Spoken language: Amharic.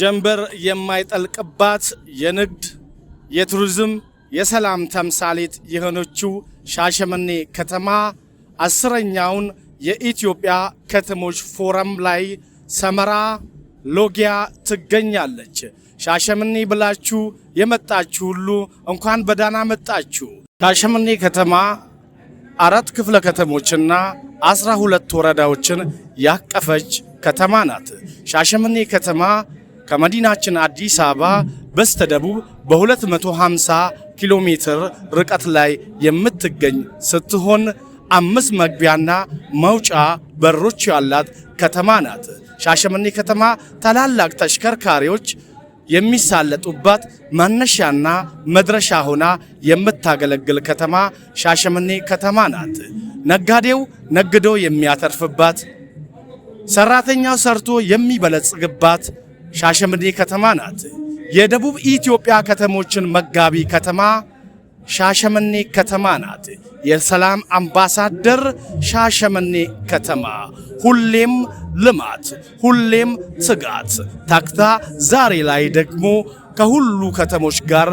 ጀንበር የማይጠልቅባት የንግድ የቱሪዝም፣ የሰላም ተምሳሌት የሆነችው ሻሸመኔ ከተማ አስረኛውን የኢትዮጵያ ከተሞች ፎረም ላይ ሰመራ ሎጊያ ትገኛለች። ሻሸመኔ ብላችሁ የመጣችሁ ሁሉ እንኳን በዳና መጣችሁ። ሻሸመኔ ከተማ አራት ክፍለ ከተሞችና አስራ ሁለት ወረዳዎችን ያቀፈች ከተማ ናት። ሻሸመኔ ከተማ ከመዲናችን አዲስ አበባ በስተደቡብ በ250 ኪሎ ሜትር ርቀት ላይ የምትገኝ ስትሆን አምስት መግቢያና መውጫ በሮች ያላት ከተማ ናት። ሻሸመኔ ከተማ ታላላቅ ተሽከርካሪዎች የሚሳለጡባት መነሻና መድረሻ ሆና የምታገለግል ከተማ ሻሸመኔ ከተማ ናት። ነጋዴው ነግዶ የሚያተርፍባት፣ ሰራተኛው ሰርቶ የሚበለጽግባት ሻሸምኔ ከተማ ናት። የደቡብ ኢትዮጵያ ከተሞችን መጋቢ ከተማ ሻሸመኔ ከተማ ናት። የሰላም አምባሳደር ሻሸመኔ ከተማ ሁሌም ልማት፣ ሁሌም ትጋት ታክታ ዛሬ ላይ ደግሞ ከሁሉ ከተሞች ጋር